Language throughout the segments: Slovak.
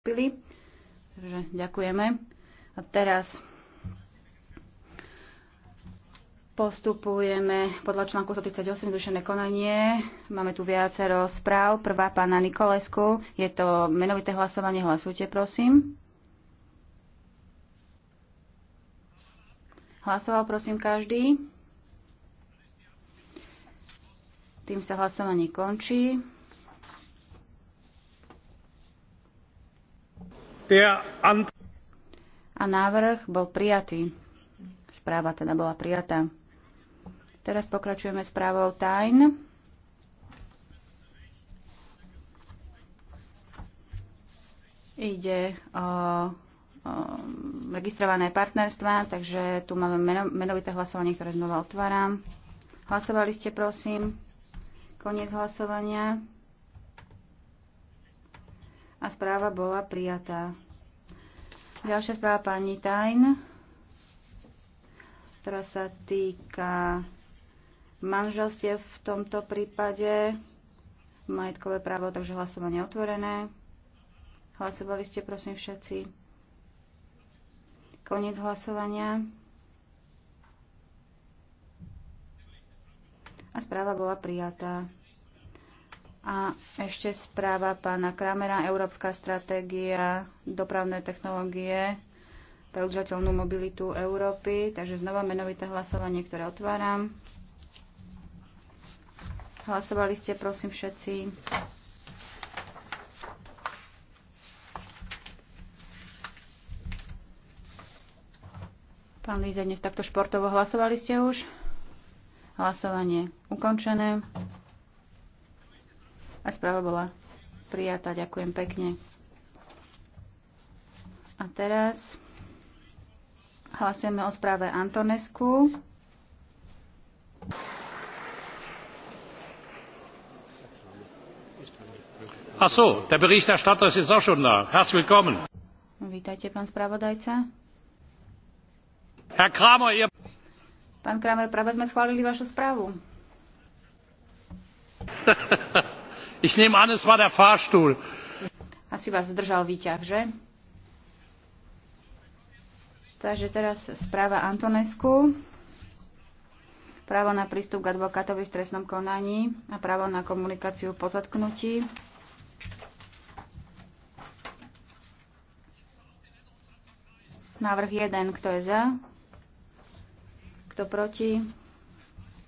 vstúpili. Takže ďakujeme. A teraz postupujeme podľa článku 138 zrušené konanie. Máme tu viacero správ. Prvá pána Nikolesku. Je to menovité hlasovanie. Hlasujte, prosím. Hlasoval, prosím, každý. Tým sa hlasovanie končí. A návrh bol prijatý. Správa teda bola prijatá. Teraz pokračujeme správou tajn. Ide o, o registrované partnerstva, takže tu máme meno, menovité hlasovanie, ktoré znova otváram. Hlasovali ste, prosím. Koniec hlasovania a správa bola prijatá. Ďalšia správa pani Tajn, ktorá sa týka manželstiev v tomto prípade, majetkové právo, takže hlasovanie otvorené. Hlasovali ste, prosím, všetci. Koniec hlasovania. A správa bola prijatá. A ešte správa pána Kramera, Európska stratégia dopravné technológie pre udržateľnú mobilitu Európy. Takže znova menovité hlasovanie, ktoré otváram. Hlasovali ste, prosím, všetci. Pán Líze, dnes takto športovo hlasovali ste už? Hlasovanie ukončené. A správa bola prijatá. Ďakujem pekne. A teraz hlasujeme o správe Antonesku. Ach so, der Berichterstatter ist jetzt auch schon da. Herzlich willkommen. Vítajte, pán spravodajca. Herr Kramer, ihr... Pán Kramer, práve sme schválili vašu správu. Ich nehme an, es war der Fahrstuhl. Asi vás zdržal výťah, že? Takže teraz správa Antonesku. Právo na prístup k advokátovi v trestnom konaní a právo na komunikáciu po zatknutí. Návrh 1. Kto je za? Kto proti?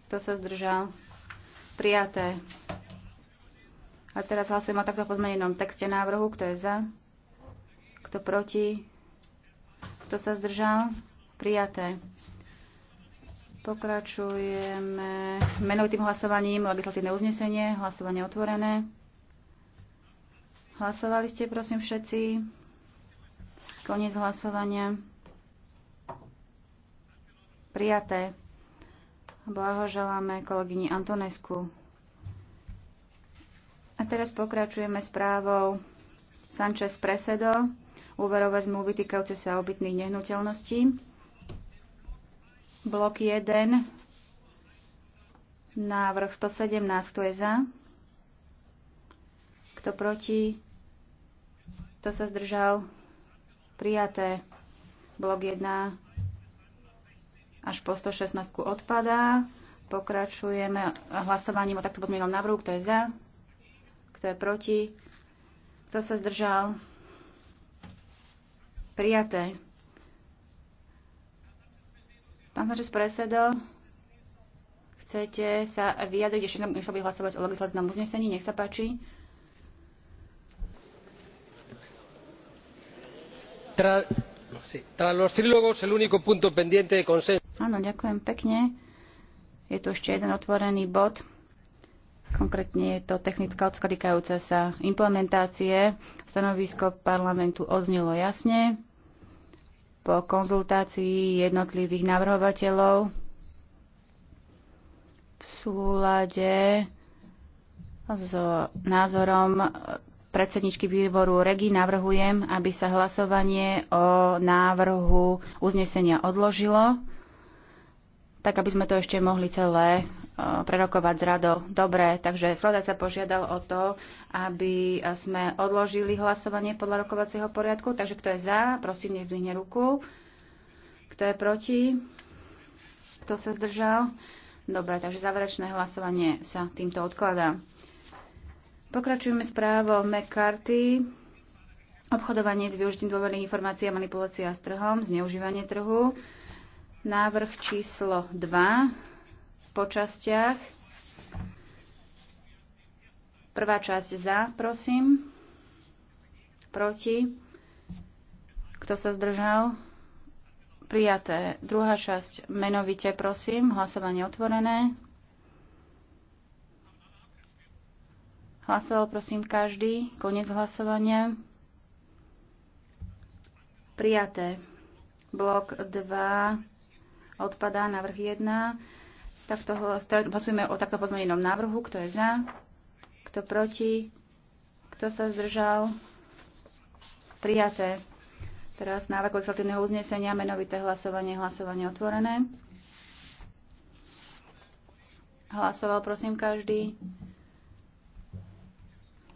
Kto sa zdržal? Prijaté. A teraz hlasujem o takto podmenenom texte návrhu. Kto je za? Kto proti? Kto sa zdržal? Prijaté. Pokračujeme menovitým hlasovaním legislatívne uznesenie. Hlasovanie otvorené. Hlasovali ste, prosím, všetci. Koniec hlasovania. Prijaté. Blahoželáme kolegyni Antonesku. A teraz pokračujeme správou Sanchez Presedo, úverové zmluvy týkajúce sa obytných nehnuteľností. Blok 1, návrh 117, kto je za? Kto proti? Kto sa zdržal? Prijaté. Blok 1 až po 116 odpadá. Pokračujeme hlasovaním o takto pozmienom návrhu. Kto je za? Kto je proti? Kto sa zdržal? Prijaté. Pán Sanchez Presedo, chcete sa vyjadriť, ešte než sa bude hlasovať o legislatívnom uznesení, nech sa páči. Tra, sí, tra los trílogos el único punto pendiente de consenso. Áno, ďakujem pekne. Je tu ešte jeden otvorený bod. Konkrétne je to technická otázka týkajúca sa implementácie. Stanovisko parlamentu odznelo jasne. Po konzultácii jednotlivých navrhovateľov v súlade s názorom predsedničky výboru REGI navrhujem, aby sa hlasovanie o návrhu uznesenia odložilo, tak aby sme to ešte mohli celé prerokovať z radou. Dobre, takže skladať sa požiadal o to, aby sme odložili hlasovanie podľa rokovacieho poriadku. Takže kto je za, prosím, nech zdvihne ruku. Kto je proti? Kto sa zdržal? Dobre, takže záverečné hlasovanie sa týmto odkladá. Pokračujeme správou McCarthy. Obchodovanie s využitím dôverných informácií a manipulácia s trhom, zneužívanie trhu. Návrh číslo 2 po častiach. Prvá časť za, prosím. Proti. Kto sa zdržal? Prijaté. Druhá časť menovite, prosím. Hlasovanie otvorené. Hlasoval prosím každý. Konec hlasovania. Prijaté. Blok 2 odpadá, návrh 1. Takto hlasujeme o takto pozmenenom návrhu. Kto je za? Kto proti? Kto sa zdržal? Prijaté. Teraz návrh legislatívneho uznesenia, menovité hlasovanie, hlasovanie otvorené. Hlasoval prosím každý.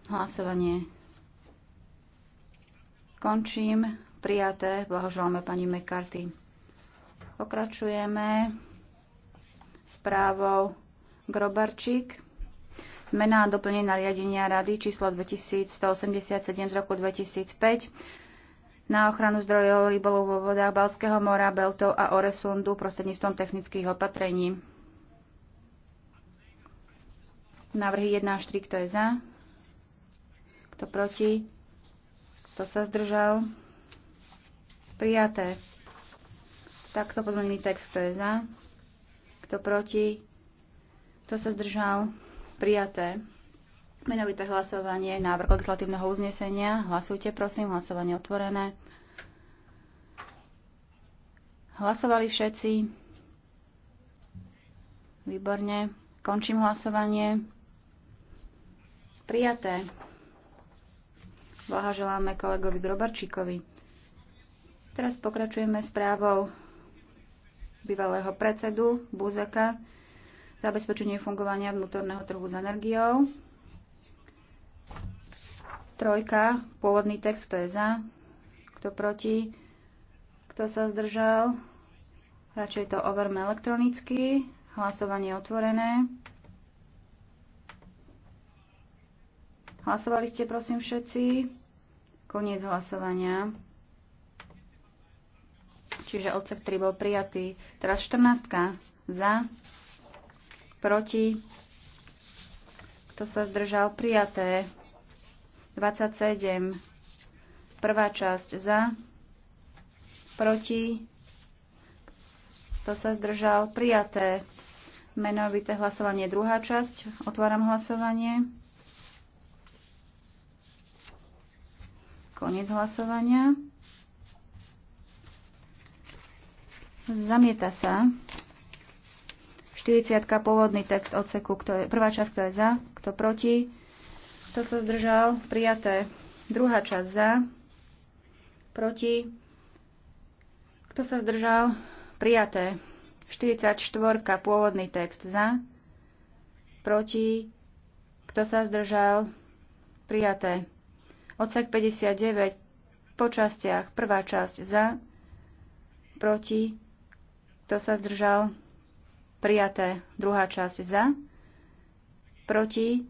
Hlasovanie končím. Prijaté. Blahoželáme pani McCarthy. Pokračujeme správou Grobarčík. Zmena a doplnenie nariadenia Rady číslo 2187 z roku 2005 na ochranu zdrojov rybolov vo vodách Balckého mora, Beltov a Oresundu prostredníctvom technických opatrení. Návrhy 1 až 3, kto je za? Kto proti? Kto sa zdržal? Prijaté. Takto pozmenený text, kto je za? Kto proti? Kto sa zdržal? Prijaté. Menovité hlasovanie, návrh legislatívneho uznesenia. Hlasujte, prosím, hlasovanie otvorené. Hlasovali všetci? Výborne. Končím hlasovanie. Prijaté. želáme kolegovi Grobarčíkovi. Teraz pokračujeme správou bývalého predsedu Buzeka, zabezpečenie fungovania vnútorného trhu s energiou. Trojka, pôvodný text, kto je za, kto proti, kto sa zdržal. Radšej to overme elektronicky. Hlasovanie otvorené. Hlasovali ste, prosím, všetci. Koniec hlasovania čiže odsek 3 bol prijatý. Teraz 14. Za, proti, kto sa zdržal, prijaté. 27. Prvá časť za, proti, kto sa zdržal, prijaté. Menovité hlasovanie druhá časť. Otváram hlasovanie. Koniec hlasovania. Zamieta sa. 40. pôvodný text odseku. Kto je, prvá časť, kto je za, kto proti. Kto sa zdržal? Prijaté. Druhá časť za, proti. Kto sa zdržal? Prijaté. 44. pôvodný text za, proti. Kto sa zdržal? Prijaté. Odsek 59 po častiach. Prvá časť za, proti. Kto sa zdržal? Prijaté. Druhá časť za. Proti.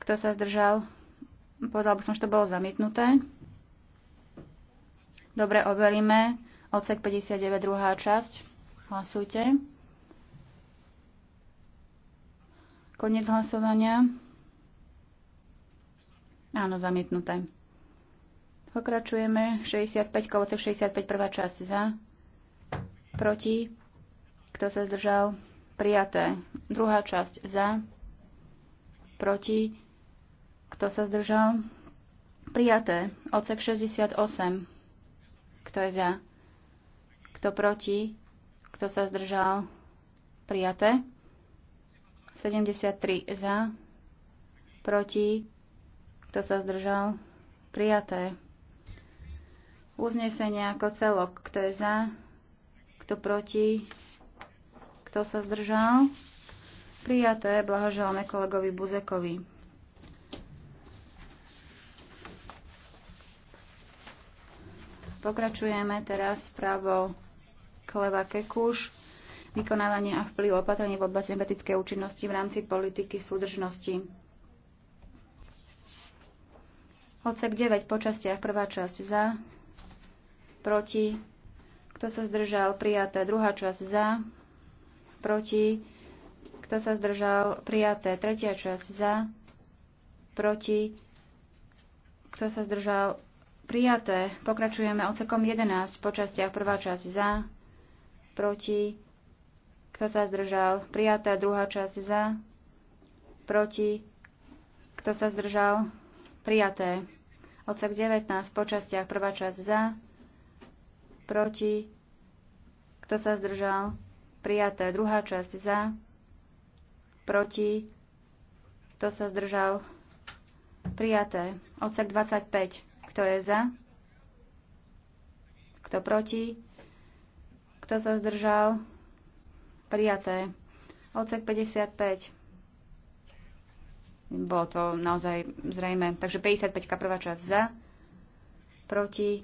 Kto sa zdržal? Povedal by som, že to bolo zamietnuté. Dobre, overíme. Odsek 59, druhá časť. Hlasujte. Koniec hlasovania. Áno, zamietnuté. Pokračujeme. 65, kovocek 65, prvá časť za proti, kto sa zdržal, prijaté. Druhá časť za, proti, kto sa zdržal, prijaté. Odsek 68, kto je za, kto proti, kto sa zdržal, prijaté. 73 za, proti, kto sa zdržal, prijaté. Uznesenie ako celok, kto je za, kto proti? Kto sa zdržal? Prijaté. Blahoželáme kolegovi Buzekovi. Pokračujeme teraz právo Kleva Kekuš vykonávanie a vplyv opatrení v oblasti energetickej účinnosti v rámci politiky súdržnosti. Odsek 9 po častiach, prvá časť za, proti, kto sa zdržal? Prijaté. Druhá časť za. Proti. Kto sa zdržal? Prijaté. Tretia časť za. Proti. Kto sa zdržal? Prijaté. Pokračujeme ocekom 11 po častiach. Prvá časť za. Proti. Kto sa zdržal? Prijaté. Druhá časť za. Proti. Kto sa zdržal? Prijaté. Ocek 19 po častiach. Prvá časť za proti, kto sa zdržal, prijaté. Druhá časť za, proti, kto sa zdržal, prijaté. Odsek 25, kto je za, kto proti, kto sa zdržal, prijaté. Odsek 55, bolo to naozaj zrejme. Takže 55 prvá časť za, proti,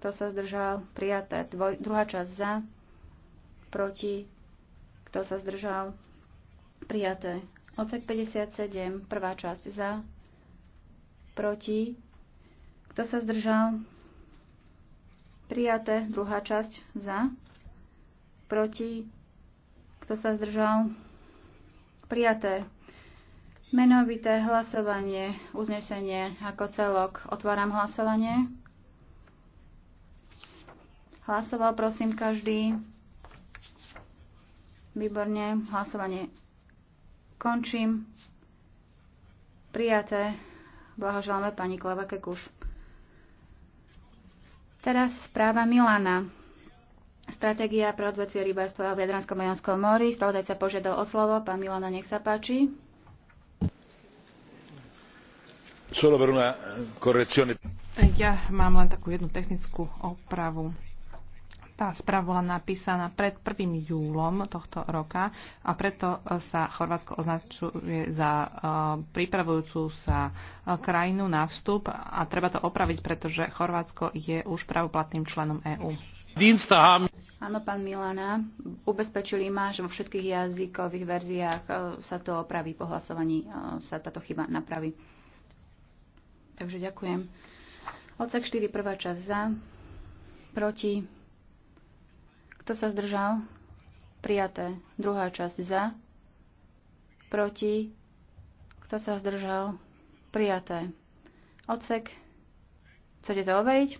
kto sa zdržal? Prijaté. Dvoj, druhá časť za. Proti. Kto sa zdržal? Prijaté. Odsek 57. Prvá časť za. Proti. Kto sa zdržal? Prijaté. Druhá časť za. Proti. Kto sa zdržal? Prijaté. Menovité hlasovanie, uznesenie ako celok. Otváram hlasovanie. Hlasoval prosím každý. Výborne, hlasovanie končím. Prijaté. Blahoželáme pani Klevake Kuš. Teraz správa Milana. Stratégia pre odvetvie rybárstva v Jadranskom-Jonskom mori. Spravodajca požiadal o slovo. Pán Milana, nech sa páči. Ja mám len takú jednu technickú opravu tá správa bola napísaná pred 1. júlom tohto roka a preto e, sa Chorvátsko označuje za e, pripravujúcu sa e, krajinu na vstup a treba to opraviť, pretože Chorvátsko je už pravoplatným členom EÚ. Áno, pán Milana, ubezpečili ma, že vo všetkých jazykových verziách sa to opraví po hlasovaní, sa táto chyba napraví. Takže ďakujem. Odsek 4, prvá časť za, proti, kto sa zdržal? Prijaté. Druhá časť za. Proti. Kto sa zdržal? Prijaté. Odsek. Chcete to overiť?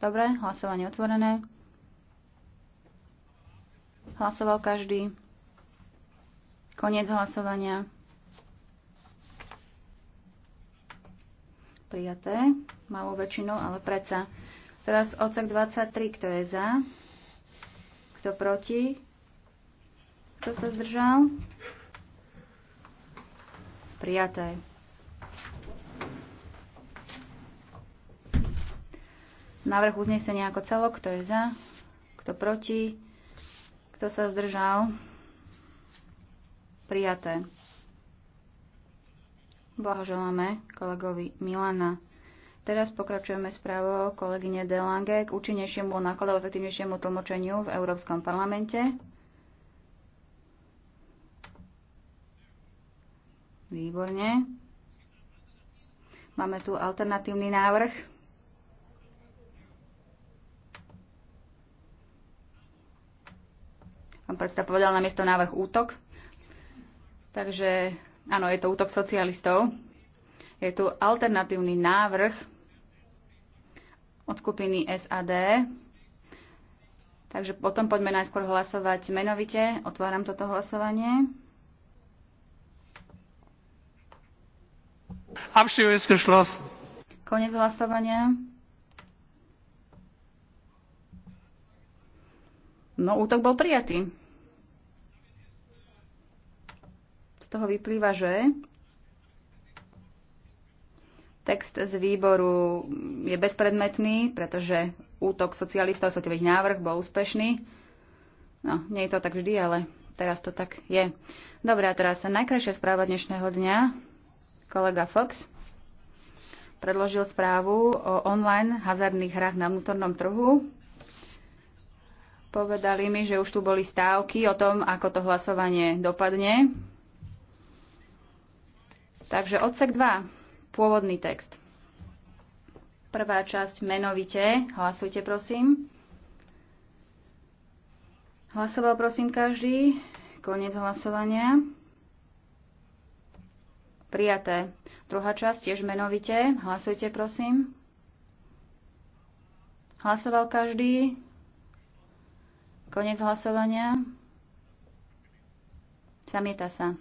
Dobre, hlasovanie otvorené. Hlasoval každý. Koniec hlasovania. Prijaté. Malou väčšinou, ale predsa. Teraz odsek 23, kto je za? Kto proti? Kto sa zdržal? Prijaté. Návrh uznesenia ako celok. Kto je za? Kto proti? Kto sa zdržal? Prijaté. Blahoželáme kolegovi Milana. Teraz pokračujeme správou kolegyne Delange k účinnejšiemu nákladu efektívnejšiemu tlmočeniu v Európskom parlamente. Výborne. Máme tu alternatívny návrh. Pán predseda povedal na miesto návrh útok. Takže áno, je to útok socialistov. Je tu alternatívny návrh od skupiny SAD. Takže potom poďme najskôr hlasovať menovite. Otváram toto hlasovanie. Konec hlasovania. No, útok bol prijatý. Z toho vyplýva, že Text z výboru je bezpredmetný, pretože útok socialistov, svetových návrh, bol úspešný. No, nie je to tak vždy, ale teraz to tak je. Dobre, a teraz najkrajšia správa dnešného dňa. Kolega Fox predložil správu o online hazardných hrách na vnútornom trhu. Povedali mi, že už tu boli stávky o tom, ako to hlasovanie dopadne. Takže odsek 2 pôvodný text. Prvá časť menovite. Hlasujte, prosím. Hlasoval, prosím, každý. Koniec hlasovania. Prijaté. Druhá časť tiež menovite. Hlasujte, prosím. Hlasoval každý. Konec hlasovania. Zamieta sa.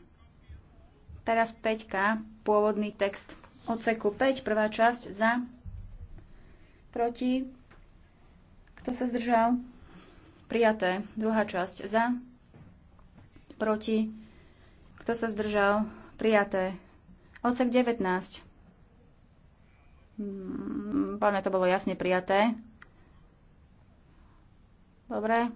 Teraz Peťka, pôvodný text odseku 5, prvá časť za, proti, kto sa zdržal, prijaté, druhá časť za, proti, kto sa zdržal, prijaté, odsek 19. Mm, Páne, to bolo jasne prijaté. Dobre.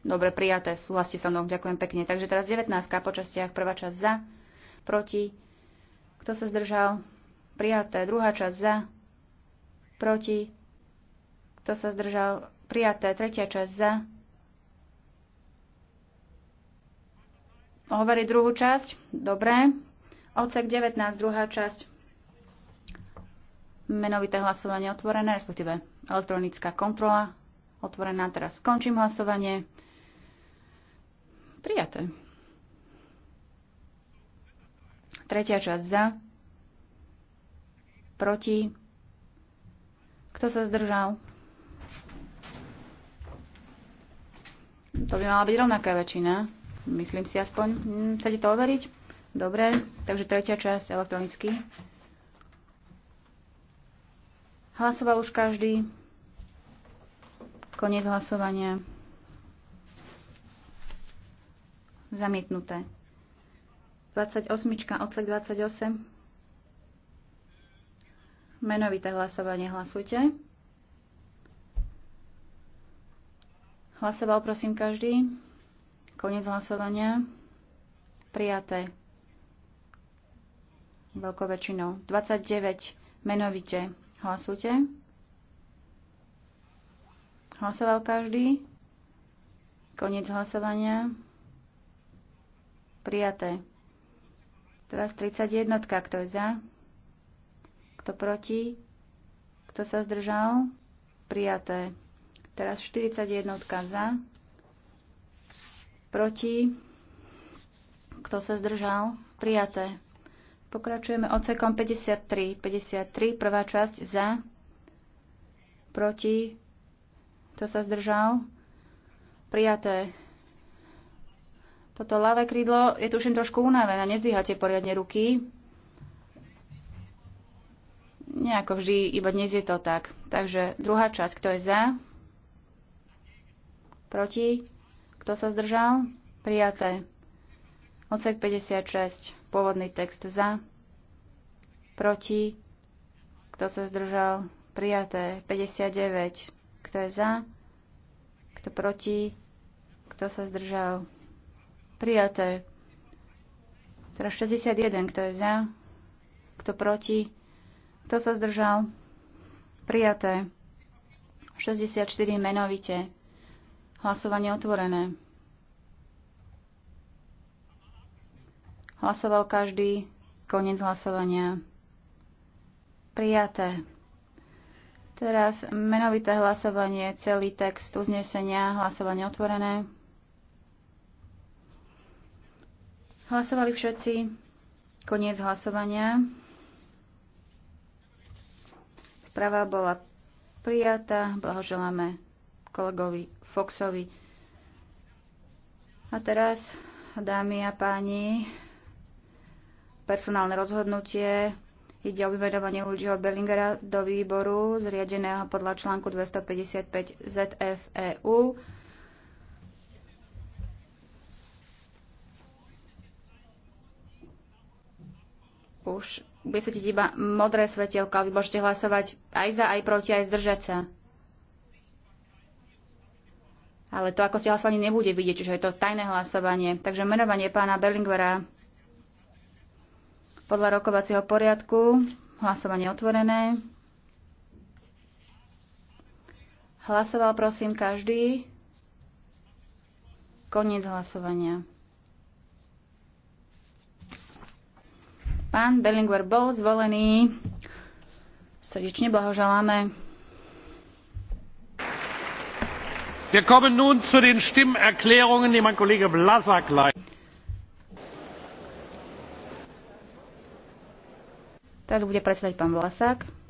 Dobre, prijaté. Súhlasíte sa mnou. Ďakujem pekne. Takže teraz 19. počastiach. Prvá časť za proti, kto sa zdržal, prijaté. Druhá časť za, proti, kto sa zdržal, prijaté. Tretia časť za. Hovorí druhú časť, dobre. Odsek 19, druhá časť. Menovité hlasovanie otvorené, respektíve elektronická kontrola otvorená. Teraz skončím hlasovanie. Prijaté. Tretia časť za. Proti. Kto sa zdržal? To by mala byť rovnaká väčšina. Myslím si aspoň. Hm, chcete to overiť? Dobre, takže tretia časť elektronicky. Hlasoval už každý. Koniec hlasovania. Zamietnuté. 28, odsek 28. Menovité hlasovanie hlasujte. Hlasoval prosím každý. Koniec hlasovania. Prijaté. Veľkou väčšinou. 29. Menovite. Hlasujte. Hlasoval každý. Koniec hlasovania. Prijaté. Teraz 31. Kto je za? Kto proti? Kto sa zdržal? Prijaté. Teraz 41. Za? Proti? Kto sa zdržal? Prijaté. Pokračujeme odsekom 53. 53. Prvá časť za? Proti? Kto sa zdržal? Prijaté. Toto ľavé krídlo je tu tuším trošku unavené, nezdvíhate poriadne ruky. Nejako vždy, iba dnes je to tak. Takže druhá časť, kto je za? Proti? Kto sa zdržal? Prijaté. Odsek 56, pôvodný text za. Proti? Kto sa zdržal? Prijaté. 59. Kto je za? Kto proti? Kto sa zdržal? Prijaté. Teraz 61, kto je za, kto proti, kto sa zdržal. Prijaté. 64 menovite. Hlasovanie otvorené. Hlasoval každý. Koniec hlasovania. Prijaté. Teraz menovité hlasovanie, celý text uznesenia, hlasovanie otvorené. Hlasovali všetci. Koniec hlasovania. Správa bola prijatá. Blahoželáme kolegovi Foxovi. A teraz, dámy a páni, personálne rozhodnutie. Ide o vymenovanie Luigiho Bellingera do výboru zriadeného podľa článku 255 ZFEU. už vysvetiť iba modré svetielko, ale vy môžete hlasovať aj za, aj proti, aj zdržať sa. Ale to, ako ste hlasovanie, nebude vidieť, čiže je to tajné hlasovanie. Takže menovanie pána Berlingvera podľa rokovacieho poriadku. Hlasovanie otvorené. Hlasoval prosím každý. Koniec hlasovania. Pán Berlinguer bol zvolený. Srdečne blahoželáme. Wir kommen nun zu den Stimmerklärungen, die mein Kollege Blasak leitet. Teraz bude predsedať pán Vlasák.